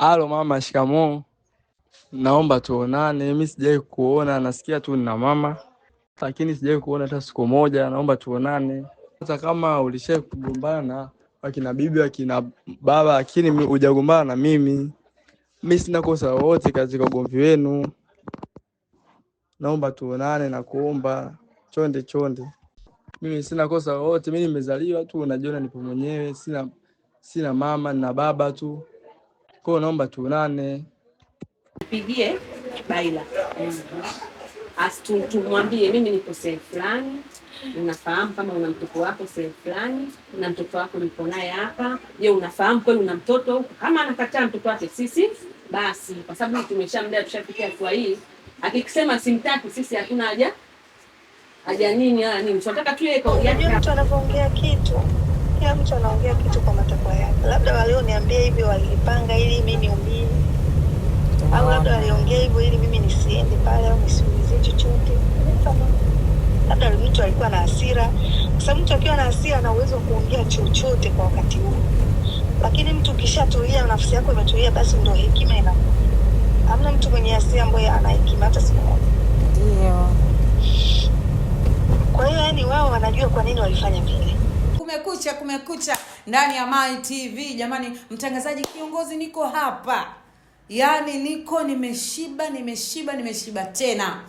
Halo mama, shikamoo. Naomba tuonane. Mimi sijawahi kuona, nasikia tu nina mama, lakini sijawahi kuona hata siku moja. Naomba tuonane, hata kama ulishawahi kugombana wakina bibi wakina baba, lakini hujagombana na mimi. Mi sina kosa wote katika ugomvi wenu. Naomba tuonane na kuomba chonde chonde. Mimi sina kosa wote, mi nimezaliwa tu, unajiona nipo mwenyewe, sina sina mama na baba tu. Kwa hiyo naomba tuonane, pigie Baila tumwambie mimi niko sehemu fulani, unafahamu kama una mtoto wako sehemu fulani na mtoto wako niko naye hapa. Je, unafahamu kweli una mtoto huko? Kama anakataa mtoto wake sisi basi, kwa sababu tumeshamlea tushafikia hatua hii, akikisema simtaki sisi hatuna haja haja nini, nini tunataka tu yeye kaongea kitu kila mtu anaongea kitu kwa matakwa yake. Labda walioniambia hivi walipanga ili mimi niumie, au labda waliongea hivyo ili mimi nisiende pale au nisiulize chochote. Labda mtu alikuwa na hasira, kwa sababu mtu akiwa na hasira ana uwezo wa kuongea chochote kwa wakati huo. Lakini mtu ukishatulia, nafsi yako imetulia, basi ndio hekima ina. Hamna mtu mwenye hasira ambaye ana hekima hata siku moja. Ndio. Kwa hiyo, yani wao wanajua kwa nini walifanya vile Kumekucha, kumekucha ndani ya Mai TV jamani, mtangazaji kiongozi, niko hapa yaani, niko nimeshiba, nimeshiba, nimeshiba tena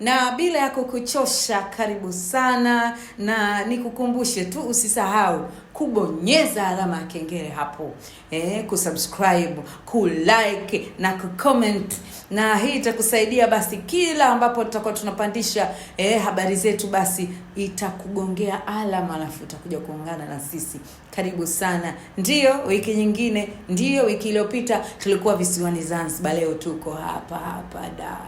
na bila ya kukuchosha, karibu sana, na nikukumbushe tu usisahau kubonyeza alama ya kengele hapo, eh, kusubscribe, kulike na kucomment na hii itakusaidia basi, kila ambapo tutakuwa tunapandisha eh, habari zetu, basi itakugongea alama, alafu utakuja kuungana na sisi. Karibu sana. Ndiyo wiki nyingine, ndio wiki iliyopita tulikuwa visiwani Zanzibar, leo tuko hapa hapa da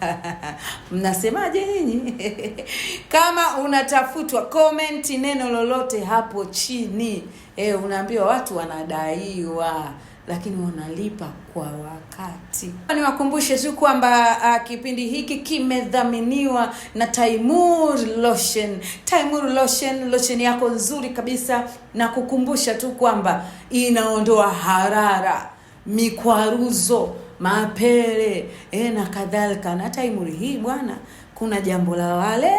mnasemaje nyinyi? Kama unatafutwa, komenti neno lolote hapo chini. E, unaambiwa watu wanadaiwa lakini wanalipa kwa wakati. Niwakumbushe tu kwamba uh, kipindi hiki kimedhaminiwa na Taimur Lotion. Taimur Lotion, lotion yako nzuri kabisa, na kukumbusha tu kwamba inaondoa harara, mikwaruzo mapele e, na kadhalika. Na hata imuri hii bwana, kuna jambo la wale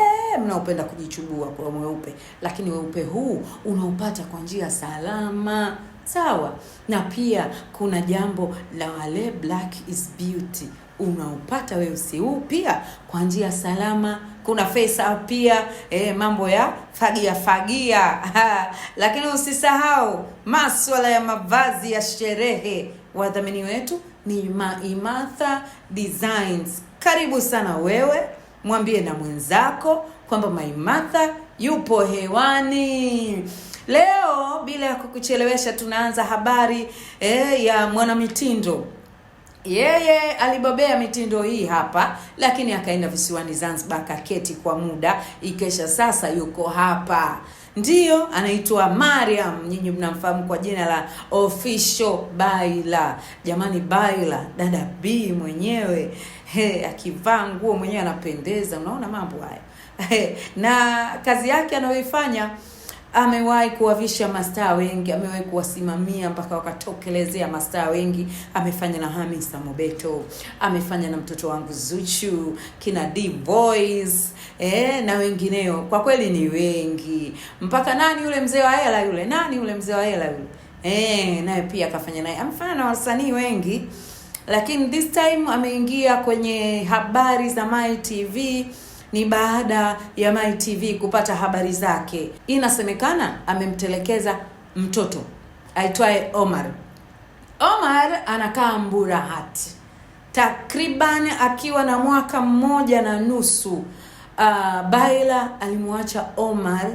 mnaopenda kujichubua kwa mweupe, lakini weupe huu unaupata kwa njia salama, sawa. Na pia kuna jambo la wale black is beauty unaupata weusi huu pia kwa njia salama. Kuna face up pia e, mambo ya fagia fagia ha. Lakini usisahau maswala ya mavazi ya sherehe, wadhamini wetu ni Maimartha Designs. Karibu sana wewe, mwambie na mwenzako kwamba maimatha yupo hewani. Leo bila ya kukuchelewesha, tunaanza habari eh, ya mwanamitindo yeye alibobea mitindo hii hapa lakini akaenda visiwani Zanzibar, kaketi kwa muda, ikesha. Sasa yuko hapa. Ndiyo, anaitwa Mariam, nyinyi mnamfahamu kwa jina la Official Baila. Jamani, Baila dada B mwenyewe he, akivaa nguo mwenyewe anapendeza. Unaona mambo haya na kazi yake anayoifanya amewahi kuwavisha mastaa wengi, amewahi kuwasimamia mpaka wakatokelezea mastaa wengi. Amefanya na Hamisa Mobeto, amefanya na mtoto wangu Zuchu, kina D Boys eh, na wengineo. Kwa kweli ni wengi, mpaka nani yule mzee wa hela yule, nani yule mzee wa hela yule eh, naye pia akafanya naye, amefanya na wasanii wengi, lakini this time ameingia kwenye habari za Mai TV ni baada ya Mai TV kupata habari zake. Inasemekana amemtelekeza mtoto aitwaye Omar. Omar anakaa Mburahat takriban akiwa na mwaka mmoja na nusu. Uh, Baila alimwacha Omar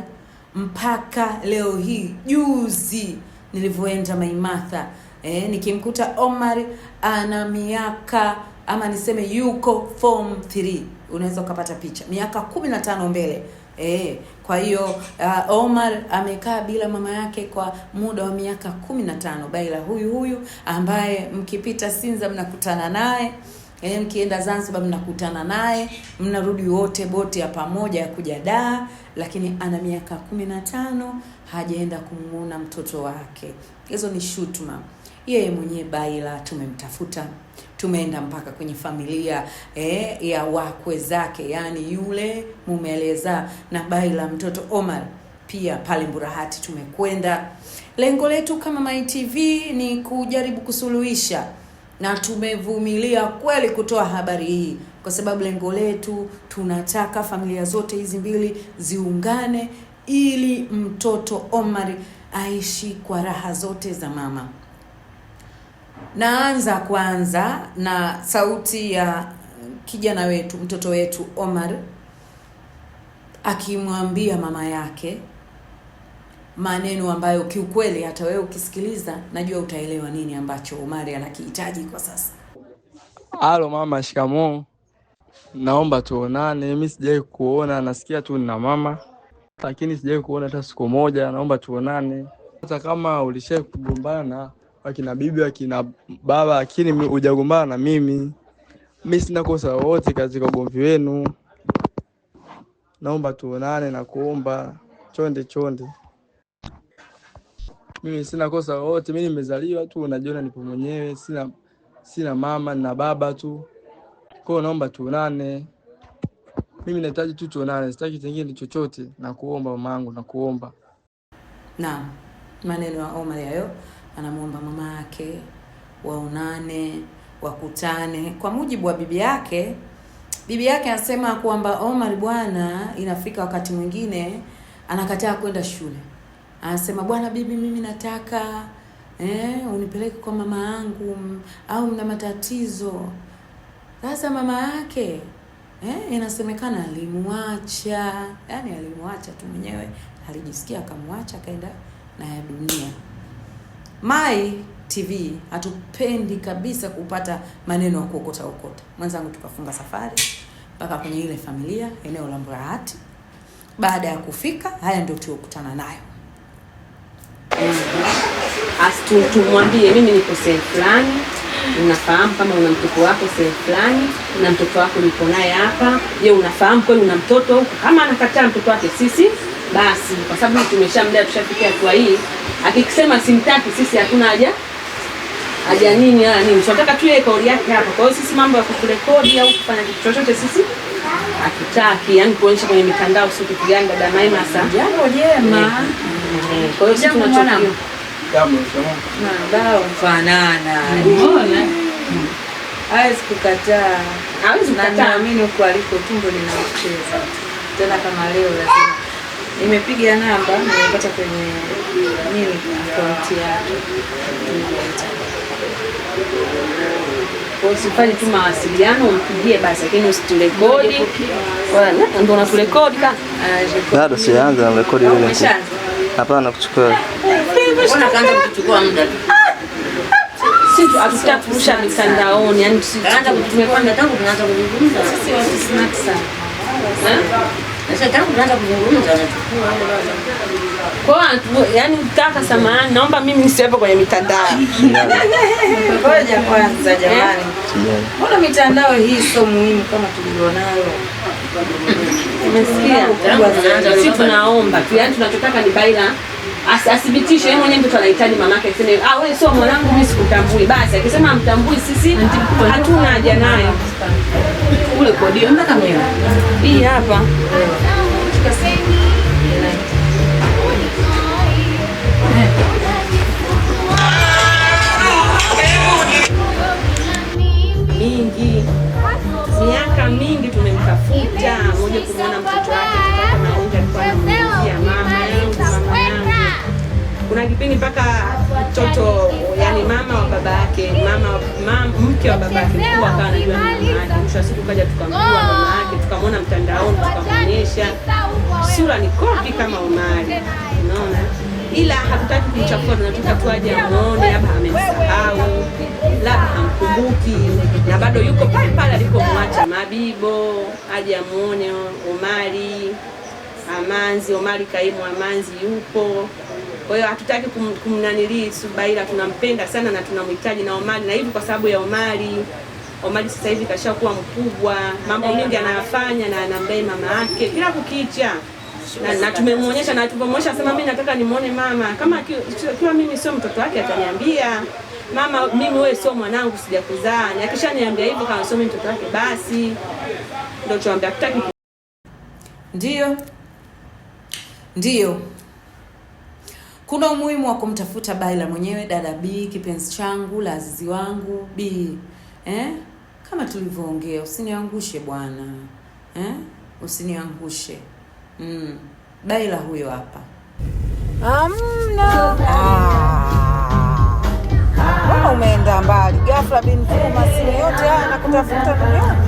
mpaka leo hii juzi nilivyoenda Maimatha eh, nikimkuta Omar ana miaka ama niseme yuko form 3 unaweza ukapata picha miaka kumi na tano mbele eh Kwa hiyo uh, Omar amekaa bila mama yake kwa muda wa miaka kumi na tano baila huyu huyu ambaye mkipita Sinza mnakutana naye eh, mkienda Zanzibar mnakutana naye, mnarudi wote boti ya pamoja ya kuja daa, lakini ana miaka kumi na tano hajaenda kumuona mtoto wake. Hizo ni shutuma. Yeye mwenyewe Baila tumemtafuta tumeenda mpaka kwenye familia eh, ya wakwe zake, yaani yule mumeleza na bai la mtoto Omar, pia pale Mburahati tumekwenda. Lengo letu kama TV ni kujaribu kusuluhisha na tumevumilia kweli kutoa habari hii kwa sababu lengo letu tunataka familia zote hizi mbili ziungane ili mtoto Omar aishi kwa raha zote za mama. Naanza kwanza na sauti ya kijana wetu, mtoto wetu Omar akimwambia mama yake maneno ambayo kiukweli hata wewe ukisikiliza najua utaelewa nini ambacho Omari anakihitaji kwa sasa. Halo mama, shikamoo. Naomba tuonane. Mimi sijai kuona, nasikia tu nina mama, lakini sijai kuona hata siku moja. Naomba tuonane, hata kama ulishai kugombana akina bibi, akina baba, lakini hujagombana na mimi. Mi sina kosa wowote katika ugomvi wenu, naomba tuonane na kuomba chonde chonde. Mimi sina kosa wote mi nimezaliwa tu, unajiona nipo mwenyewe, sina sina mama na baba tu. Kwa hiyo naomba tuonane, mimi nahitaji tu tuonane, sitaki kingine chochote, na kuomba mamangu, na kuomba. Naam, maneno ya Omar hayo anamwomba mama yake waonane, wakutane. Kwa mujibu wa bibi yake, bibi yake anasema kwamba Omar oh, bwana, inafika wakati mwingine anakataa kwenda shule, anasema bwana, bibi, mimi nataka eh, unipeleke kwa mama yangu, au mna matatizo. Sasa mama yake eh, inasemekana alimwacha, yani alimwacha tu mwenyewe, alijisikia akamwacha, akaenda na dunia. Mai TV hatupendi kabisa kupata maneno ya kuokota okota. Mwenzangu tukafunga safari mpaka kwenye ile familia eneo la Mburahati. Baada ya kufika, haya ndio tuokutana nayo. Tumwambie mimi niko sehemu fulani, unafahamu kama una mtoto wako sehemu fulani, na mtoto wako niko naye hapa. Je, unafahamu kweli una mtoto huko? Kama anakataa mtoto wake, sisi basi, kwa sababu tumeshamlea tushafikia hatua hii, akikisema simtaki sisi hakuna haja haja nini wala nini, tunataka tu yeye kauli yake hapa. Kwa hiyo sisi mambo ya kurekodi au kufanya kitu chochote sisi hatutaki, yani kuonyesha kwenye mitandao sio kitu gani. Dada Maima, sasa jambo jema. Kwa hiyo sisi tunachokiona jambo jema na dao fanana unaona hmm. hawezi kukataa, hawezi kukataa. Naamini huko aliko tumbo linacheza tena, kama leo lazima nimepiga namba nimepata kwenye nini akaunti yake Usifanye tu mawasiliano, umpigie basi, lakini usiturekodi. Ndio unaturekodi kaka? Bado sianza rekodi ile. Hapana, kuchukua kaanza kuchukua muda hatutakurusha mitandaoni, yani tuanza kutumia kwanza, tangu tunaanza kuzungumza sisi watu smart sana eh? Sasa tangu tunaanza kuzungumza kwa yani, kaka, samahani, naomba mimi nisiwepo kwenye mitandao. Ngoja kwanza, jamani, eh? mbona mitandao hii sio muhimu kama tulionayo? Umesikia? Sisi tunaomba tu, yani tunachotaka ni Baila asithibitishe yeye mwenyewe, mtoto anahitaji mamake aseme ah, wewe sio mwanangu, mimi sikutambui. Basi akisema amtambui, sisi hatuna haja naye ule kodi mpaka mimi hii hapa mingi miaka mingi tumemtafuta moja kumuona mtoto wake kuna kipindi mpaka mtoto yani mama wa baba yake mama mke wa babake mkubwa akawa anajua ni mama yake. Mwisho wa siku kaja tukamjua mama yake, tukamwona mtandaoni, tukamwonyesha sura ni kopi kama Omari, unaona, ila hatutaki kumchafua, tunataka tu aje amuone, labda amemsahau, labda hamkumbuki, na bado yuko pale pale alipomwacha Mabibo, aje amuone Omari Amanzi. Omari kaimu Amanzi yupo kwa hiyo hatutaki kum, Subaila, tunampenda sana na tunamhitaji na Omari, na hivi kwa sababu ya Omari. Omari sasa hivi kashakuwa mkubwa, mambo mengi anayafanya na anambei mama yake kila kukicha na, na tumemwonyesha na tulivyomwonyesha sema mimi nataka nimuone mama kama kiwa mimi sio mtoto wake ataniambia mama, mimi wewe sio mwanangu, sijakuzaa. Na akishaniambia hivyo kama sio mimi mtoto wake, basi ndio tuambia tutaki. Ndio, ndio kuna umuhimu wa kumtafuta Baila mwenyewe, dada B, kipenzi changu, la azizi wangu B, eh? Kama tulivyoongea, usiniangushe bwana eh? Usiniangushe mm. Baila huyo hapa amna ah, umeenda mbali ghafla, binfuma simu yote haya nakutafuta duniani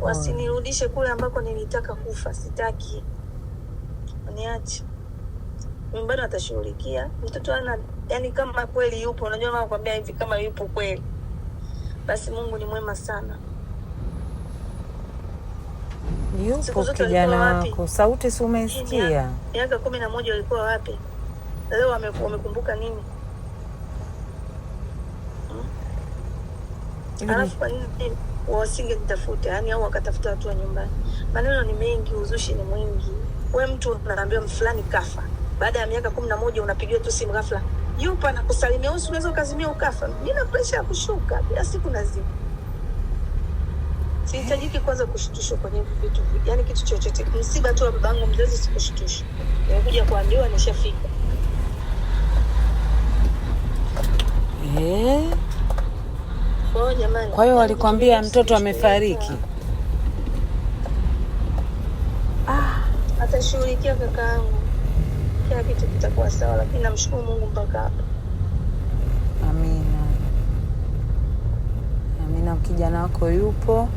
wasinirudishe mm. kule ambako nilitaka kufa. Sitaki, niache nyumbani, atashughulikia mtoto ana, yani kama kweli yupo, unajua mama kwambia hivi, kama yupo kweli, basi Mungu ni mwema sana. Yupo kijana wako, sauti si umesikia? Miaka kumi na moja walikuwa wapi? Leo wamekumbuka nini? Alafu kwa nini wasingekutafuta yani, au wakatafuta watu wa nyumbani. Maneno ni mengi, uzushi ni mwingi. We mtu unaambiwa mfulani kafa, baada ya miaka kumi na moja unapigiwa tu simu ghafla, na kusalimia usi, unaweza ukazimia ukafa. Nina presha ya kushuka bila siku nazima. Sihitajiki kwanza kushutushwa kwenye vitu, yani kitu chochote. Msiba tu wa babangu mzazi sikushutushwa, nimekuja kuambiwa nishafika. Eh? Kwa hiyo walikwambia mtoto amefariki? Ah, atashughulikia kakaangu, kila kitu kitakuwa sawa, lakini namshukuru Mungu mpaka hapa. Amina, amina. Kijana wako yupo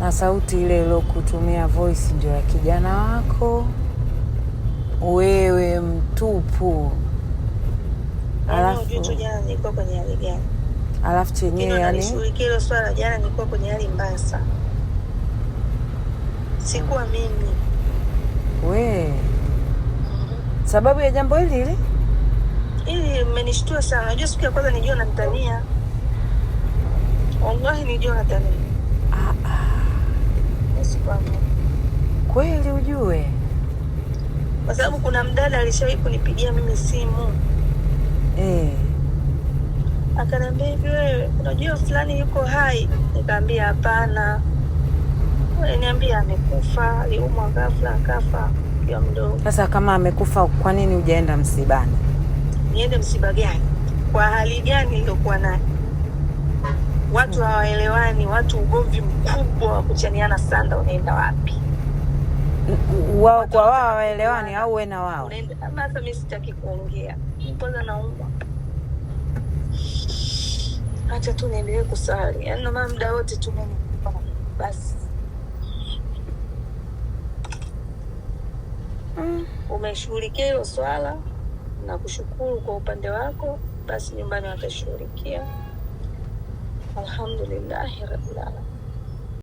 na sauti ile iliyokutumia voice ndio ya kijana wako, wewe mtupu. Alafu jana nilikuwa kwenye hali gani? alafu chenyewe yani nishughulikia hilo swala. Jana nilikuwa kwenye hali mbaya sana, sikuwa mimi we mm -hmm. sababu ya jambo hili hili hili imenishtua sana. Unajua, siku ya kwanza nijua natania, wallahi nijua natania ah, ah. kweli ujue, kwa sababu kuna mdada alishawahi kunipigia mimi simu akaniambia hivi, wewe unajua fulani yuko hai? Nikaambia hapana. Niambia amekufa, aliumwa ghafla akafa akiwa mdogo. Sasa kama amekufa, kwa nini hujaenda msibani? Niende msiba gani? Kwa hali gani iliyokuwa naye? Watu hawaelewani, watu ugomvi mkubwa wa kuchaniana sanda. Unaenda wapi? wao kwa wao hawaelewani, au wewe na wao? Sasa mimi sitaki kuongea, kwanza naumwa hata tu niendelee kusali, yaani namana maana muda wote tu mimi basi. Mm, umeshughulikia hilo swala na kushukuru kwa upande wako, basi nyumbani watashughulikia. Alhamdulillahi rabilalam